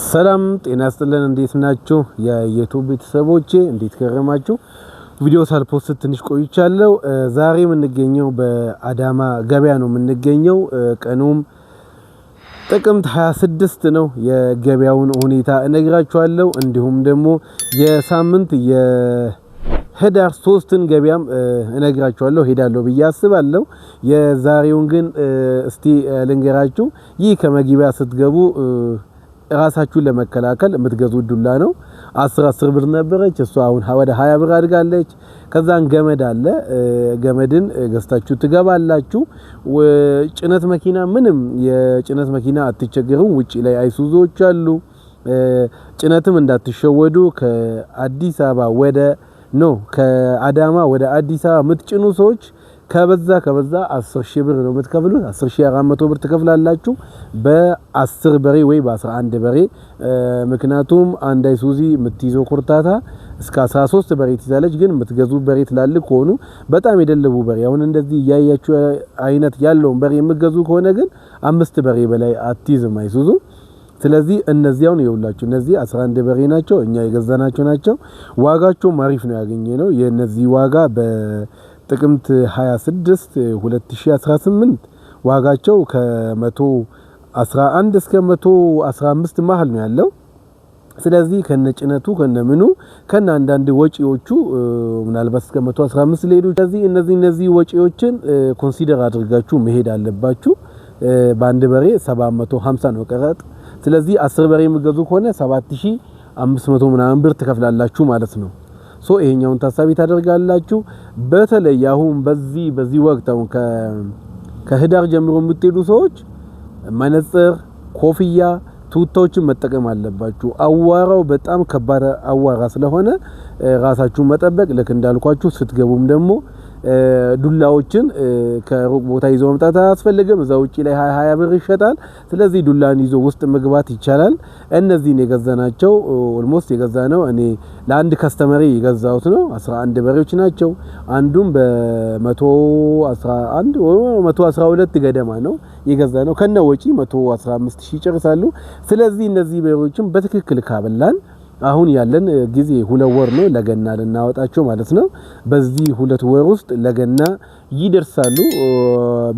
ሰላም ጤና ይስጥልን። እንዴት ናችሁ የዩቱብ ቤተሰቦቼ? እንዴት ከረማችሁ? ቪዲዮ ሳልፖስት ትንሽ ቆይቻለሁ። ዛሬ የምንገኘው በአዳማ ገበያ ነው የምንገኘው። ቀኑም ጥቅምት 26 ነው። የገበያውን ሁኔታ እነግራችኋለሁ። እንዲሁም ደግሞ የሳምንት የህዳር ሶስትን ገበያም እነግራችኋለሁ ሄዳለሁ ብዬ አስባለሁ። የዛሬውን ግን እስቲ ልንገራችሁ። ይህ ከመግቢያ ስትገቡ ራሳችሁን ለመከላከል የምትገዙ ዱላ ነው። 10 10 ብር ነበረች እሷ አሁን ወደ 20 ብር አድጋለች። ከዛን ገመድ አለ። ገመድን ገዝታችሁ ትገባላችሁ። ጭነት መኪና ምንም የጭነት መኪና አትቸገሩም። ውጭ ላይ አይሱዞች አሉ። ጭነትም እንዳትሸወዱ ከአዲስ አበባ ወደ ኖ ከአዳማ ወደ አዲስ አበባ የምትጭኑ ሰዎች ከበዛ ከበዛ 10 ሺህ ብር ነው የምትከፍሉት። 10 ሺህ 400 ብር ትከፍላላችሁ በ10 በሬ ወይ በ11 በሬ። ምክንያቱም አንድ አይሱዚ የምትይዘው ኮርታታ እስከ 13 በሬ ትይዛለች። ግን የምትገዙ በሬ ትላልቅ ከሆኑ በጣም የደለቡ በሬ አሁን እንደዚህ እያያችሁ አይነት ያለውን በሬ የምትገዙ ከሆነ ግን አምስት በሬ በላይ አትይዝም አይሱዙ። ስለዚህ እነዚያውን የውላችሁ እነዚህ 11 በሬ ናቸው፣ እኛ የገዛናቸው ናቸው። ዋጋቸውም አሪፍ ነው ያገኘ ነው የነዚህ ዋጋ በ ጥቅምት 26 2018 ዋጋቸው ከ111 እስከ 115 መሀል ነው ያለው። ስለዚህ ከነጭነቱ ከነምኑ ከነ አንዳንድ ወጪዎቹ ምናልባት እስከ 115 ሊሄዱ። ስለዚህ እነዚህ እነዚህ ወጪዎችን ኮንሲደር አድርጋችሁ መሄድ አለባችሁ። በአንድ በሬ 750 ነው ቀረጥ። ስለዚህ 10 በሬ የምገዙ ከሆነ 7500 ምናምን ብር ትከፍላላችሁ ማለት ነው። ሶ ይሄኛውን ታሳቢ ታደርጋላችሁ። በተለይ አሁን በዚህ በዚህ ወቅት አሁን ከህዳር ጀምሮ የምትሄዱ ሰዎች መነጽር፣ ኮፍያ፣ ቱታዎችን መጠቀም አለባችሁ። አዋራው በጣም ከባድ አዋራ ስለሆነ ራሳችሁን መጠበቅ ልክ እንዳልኳችሁ ስትገቡም ደግሞ ዱላዎችን ከሩቅ ቦታ ይዞ መምጣት አያስፈልግም። እዛ ውጪ ላይ 20 ብር ይሸጣል። ስለዚህ ዱላን ይዞ ውስጥ መግባት ይቻላል። እነዚህን የገዛናቸው ኦልሞስት የገዛ ነው እኔ ለአንድ ከስተመሪ የገዛሁት ነው። 11 በሬዎች ናቸው። አንዱም በ111 112 ገደማ ነው የገዛ ነው ከነ ወጪ 115 ሺህ ይጨርሳሉ። ስለዚህ እነዚህ በሬዎችን በትክክል ካበላን አሁን ያለን ጊዜ ሁለት ወር ነው ለገና ልናወጣቸው ማለት ነው። በዚህ ሁለት ወር ውስጥ ለገና ይደርሳሉ።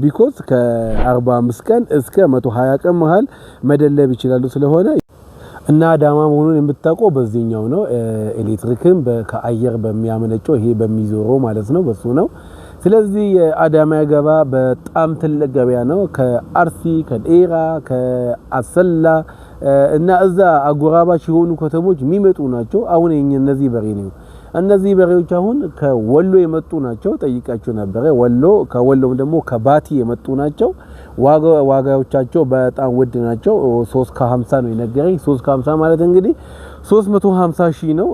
ቢኮዝ ከ45 ቀን እስከ 120 ቀን መሀል መደለብ ይችላሉ ስለሆነ እና አዳማ መሆኑን የምታውቀው በዚህኛው ነው። ኤሌክትሪክም ከአየር በሚያመነጨው ይሄ በሚዞረው ማለት ነው በሱ ነው። ስለዚህ የአዳማ ገባ በጣም ትልቅ ገበያ ነው። ከአርሲ፣ ከዴራ፣ ከአሰላ እና እዛ አጎራባች የሆኑ ከተሞች የሚመጡ ናቸው። አሁን የኛ እነዚህ በሬ ነው። እነዚህ በሬዎች አሁን ከወሎ የመጡ ናቸው። ጠይቃቸው ነበረ። ወሎ ከወሎም ደግሞ ከባቲ የመጡ ናቸው። ዋጋዎቻቸው በጣም ውድ ናቸው። 3 ከ50 ነው የነገረኝ። 3 ከ50 ማለት እንግዲህ 350 ሺህ ነው።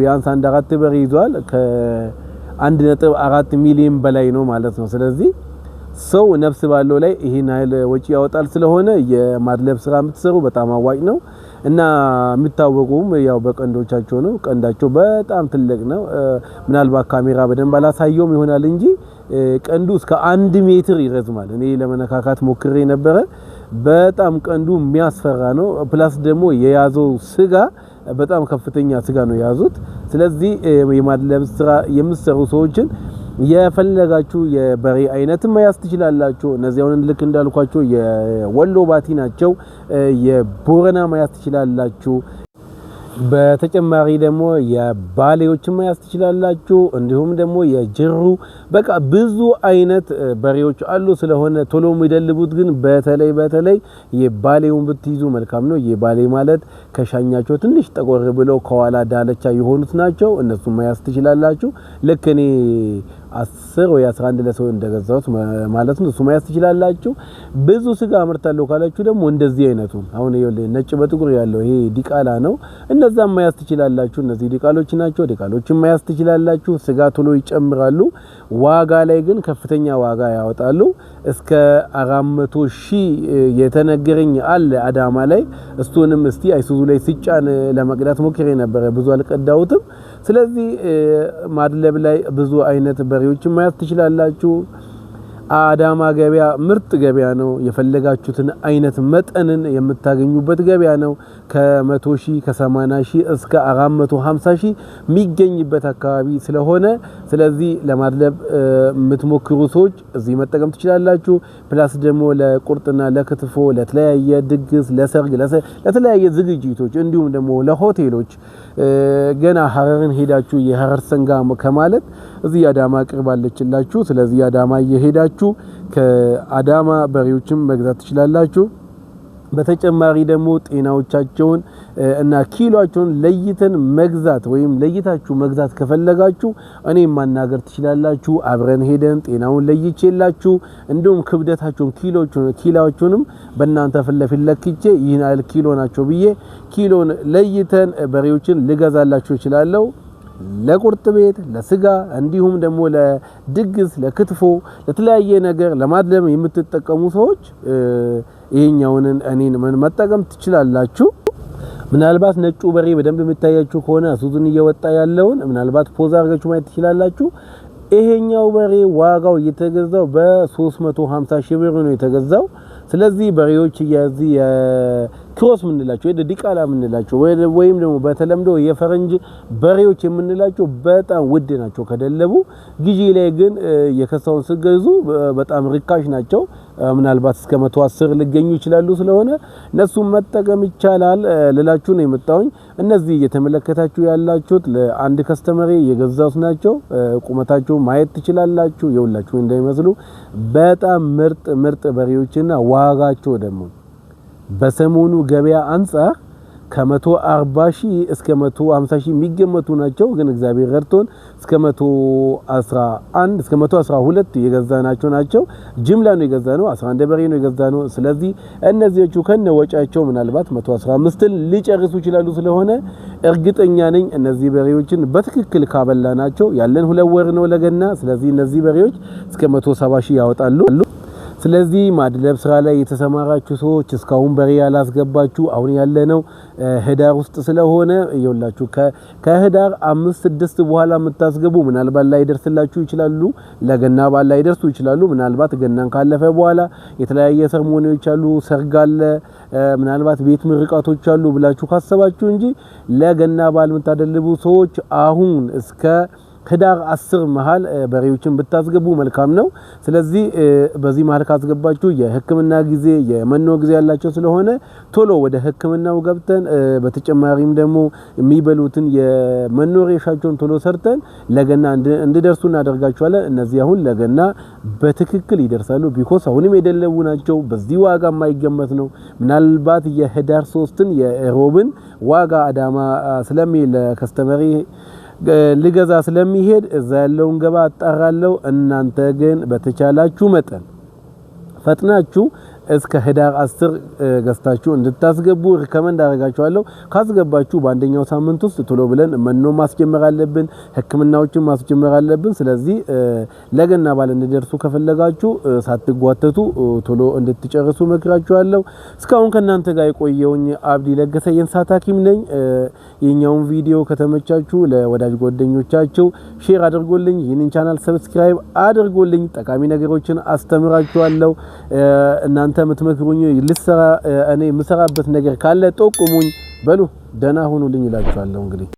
ቢያንስ አንድ አራት በሬ ይዟል። ከ1.4 ሚሊዮን በላይ ነው ማለት ነው። ስለዚህ ሰው ነፍስ ባለው ላይ ይሄን ኃይል ወጪ ያወጣል። ስለሆነ የማድለብ ስራ የምትሰሩ በጣም አዋጭ ነው እና የሚታወቁም ያው በቀንዶቻቸው ነው። ቀንዳቸው በጣም ትልቅ ነው። ምናልባት ካሜራ በደንብ አላሳየውም ይሆናል እንጂ ቀንዱ እስከ አንድ ሜትር ይረዝማል። እኔ ለመነካካት ሞክሬ ነበረ። በጣም ቀንዱ የሚያስፈራ ነው። ፕላስ ደግሞ የያዘው ስጋ በጣም ከፍተኛ ስጋ ነው የያዙት። ስለዚህ የማድለብ ስራ የምትሰሩ ሰዎችን የፈለጋችሁ የበሬ አይነት መያዝ ትችላላችሁ። እነዚያውን ልክ እንዳልኳቸው የወሎ ባቲ ናቸው። የቦረና መያዝ ትችላላችሁ። በተጨማሪ ደግሞ የባሌዎችን መያዝ ትችላላችሁ። እንዲሁም ደግሞ የጅሩ በቃ ብዙ አይነት በሬዎች አሉ። ስለሆነ ቶሎ የሚደልቡት ግን በተለይ በተለይ የባሌውን ብትይዙ መልካም ነው። የባሌ ማለት ከሻኛቸው ትንሽ ጠቆር ብለው ከኋላ ዳለቻ የሆኑት ናቸው። እነሱ መያዝ ትችላላችሁ። ልክ እኔ አስር ወይ አስራ አንድ ለሰው እንደገዛሁት ማለት ነው። እሱ መያዝ ትችላላችሁ። ብዙ ስጋ አመርታለሁ ካላችሁ ደግሞ እንደዚህ አይነቱ አሁን ነጭ በጥቁር ያለው ይሄ ዲቃላ ነው። እነዛን መያዝ ትችላላችሁ። እነዚህ ዲቃሎች ናቸው። ዲቃሎችን መያዝ ትችላላችሁ። ስጋ ቶሎ ይጨምራሉ። ዋጋ ላይ ግን ከፍተኛ ዋጋ ያወጣሉ። እስከ 400 ሺህ የተነገረኝ አለ አዳማ ላይ። እሱንም እስቲ አይሱዙ ላይ ሲጫን ለመቅዳት ሞክሬ ነበረ፣ ብዙ አልቀዳሁትም። ስለዚህ ማድለብ ላይ ብዙ አይነት በሬዎችን ማያዝ ትችላላችሁ። አዳማ ገበያ ምርጥ ገበያ ነው። የፈለጋችሁትን አይነት መጠንን የምታገኙበት ገበያ ነው። ከ100 ሺህ ከ80 ሺህ እስከ 450 ሺ የሚገኝበት አካባቢ ስለሆነ ስለዚህ ለማድለብ የምትሞክሩ ሰዎች እዚህ መጠቀም ትችላላችሁ። ፕላስ ደግሞ ለቁርጥና ለክትፎ፣ ለተለያየ ድግስ፣ ለሰርግ፣ ለተለያየ ዝግጅቶች እንዲሁም ደግሞ ለሆቴሎች ገና ሀረርን ሄዳችሁ የሀረር ሰንጋ ከማለት እዚህ አዳማ ቅርብ አለችላችሁ። ስለዚህ አዳማ እየሄዳችሁ ከአዳማ በሬዎችም መግዛት ትችላላችሁ። በተጨማሪ ደግሞ ጤናዎቻቸውን እና ኪሎቸውን ለይተን መግዛት ወይም ለይታችሁ መግዛት ከፈለጋችሁ እኔ ማናገር ትችላላችሁ። አብረን ሄደን ጤናውን ለይቼላችሁ እንዲሁም ክብደታቸውን ኪሎዎቹንም በእናንተ ፊት ለፊት ለክቼ ይህን ያህል ኪሎ ናቸው ብዬ ኪሎን ለይተን በሬዎችን ልገዛላችሁ እችላለሁ። ለቁርጥ ቤት፣ ለስጋ እንዲሁም ደግሞ ለድግስ፣ ለክትፎ፣ ለተለያየ ነገር ለማድለም የምትጠቀሙ ሰዎች ይሄኛውን እኔን ምን መጠቀም ትችላላችሁ። ምናልባት ነጩ በሬ በደንብ የምታያችሁ ከሆነ ሱዙን እየወጣ ያለውን ምናልባት ፖዛ አድርጋችሁ ማየት ትችላላችሁ። ይሄኛው በሬ ዋጋው እየተገዛው በ350 ሺህ ብር ነው የተገዛው። ስለዚህ በሬዎች እያዚህ ክሮስ የምንላቸው ወይ ዲቃላ የምንላቸው ወይም ደግሞ በተለምዶ የፈረንጅ በሬዎች የምንላቸው በጣም ውድ ናቸው ከደለቡ። ግዢ ላይ ግን የከሳውን ስገዙ በጣም ርካሽ ናቸው። ምናልባት እስከ መቶ አስር ሊገኙ ይችላሉ። ስለሆነ እነሱም መጠቀም ይቻላል ልላችሁ ነው የመጣሁኝ። እነዚህ እየተመለከታችሁ ያላችሁት ለአንድ ከስተመሬ የገዛሁት ናቸው። ቁመታቸው ማየት ትችላላችሁ። የሁላችሁ እንዳይመስሉ በጣም ምርጥ ምርጥ በሬዎችና ዋጋቸው ደግሞ በሰሞኑ ገበያ አንጻር ከ140 ሺህ እስከ 150 ሺህ የሚገመቱ ናቸው። ግን እግዚአብሔር ረድቶን እስከ 111 እስከ 112 የገዛናቸው ናቸው። ጅምላ ነው የገዛነው፣ 11 በሬ ነው የገዛነው። ስለዚህ እነዚህቹ ከነ ወጫቸው ምናልባት 115ን ሊጨርሱ ይችላሉ። ስለሆነ እርግጠኛ ነኝ እነዚህ በሬዎችን በትክክል ካበላ ናቸው ያለን ሁለት ነው ለገና። ስለዚህ እነዚህ በሬዎች እስከ 170 ሺህ ያወጣሉ። ስለዚህ ማድለብ ስራ ላይ የተሰማራችሁ ሰዎች እስካሁን በሬ ያላስገባችሁ አሁን ያለነው ህዳር ውስጥ ስለሆነ ይውላችሁ ከህዳር አምስት ስድስት በኋላ የምታስገቡ ምናልባት ላይ ይችላሉ። ለገና ባል ላይደርሱ ይችላሉ። ምናልባት ገናን ካለፈ በኋላ የተለያየ ሰርሞኒዎች አሉ፣ ሰርግ አለ፣ ምናልባት ቤት ምርቃቶች አሉ ብላችሁ ካሰባችሁ እንጂ ለገና በዓል የምታደልቡ ሰዎች አሁን እስከ ህዳር አስር መሃል በሬዎችን ብታስገቡ መልካም ነው። ስለዚህ በዚህ መሃል ካስገባችሁ የህክምና ጊዜ የመኖ ጊዜ ያላቸው ስለሆነ ቶሎ ወደ ህክምናው ገብተን በተጨማሪም ደግሞ የሚበሉትን የመኖ ሬሻቸውን ቶሎ ሰርተን ለገና እንዲደርሱ እናደርጋቸዋለን። እነዚህ አሁን ለገና በትክክል ይደርሳሉ። ቢኮስ አሁንም የደለቡ ናቸው። በዚህ ዋጋ የማይገመት ነው። ምናልባት የህዳር ሶስትን የሮብን ዋጋ አዳማ ስለሚል ለከስተመሪ ልገዛ ስለሚሄድ እዛ ያለውን ገባ አጣራለሁ። እናንተ ግን በተቻላችሁ መጠን ፈጥናችሁ እስከ ህዳር 10 ገዝታችሁ እንድታስገቡ ሪከመንድ አደርጋችኋለሁ። ካስገባችሁ በአንደኛው ሳምንት ውስጥ ቶሎ ብለን መኖ ማስጀመር አለብን፣ ህክምናዎችን ማስጀመር አለብን። ስለዚህ ለገና ባለ እንዲደርሱ ከፈለጋችሁ ሳትጓተቱ ቶሎ እንድትጨርሱ መክራችኋለሁ። እስካሁን ከእናንተ ጋር የቆየውኝ አብዲ ለገሰ የእንስሳት ሐኪም ነኝ። የኛውን ቪዲዮ ከተመቻችሁ ለወዳጅ ጓደኞቻችሁ ሼር አድርጎልኝ፣ ይህንን ቻናል ሰብስክራይብ አድርጎልኝ። ጠቃሚ ነገሮችን አስተምራችኋለሁ እናንተ እናንተ የምትመክሩኝ ልሰራ እኔ የምሰራበት ነገር ካለ ጠቁሙኝ፣ በሉ ደህና ሁኑልኝ እላችኋለሁ እንግዲህ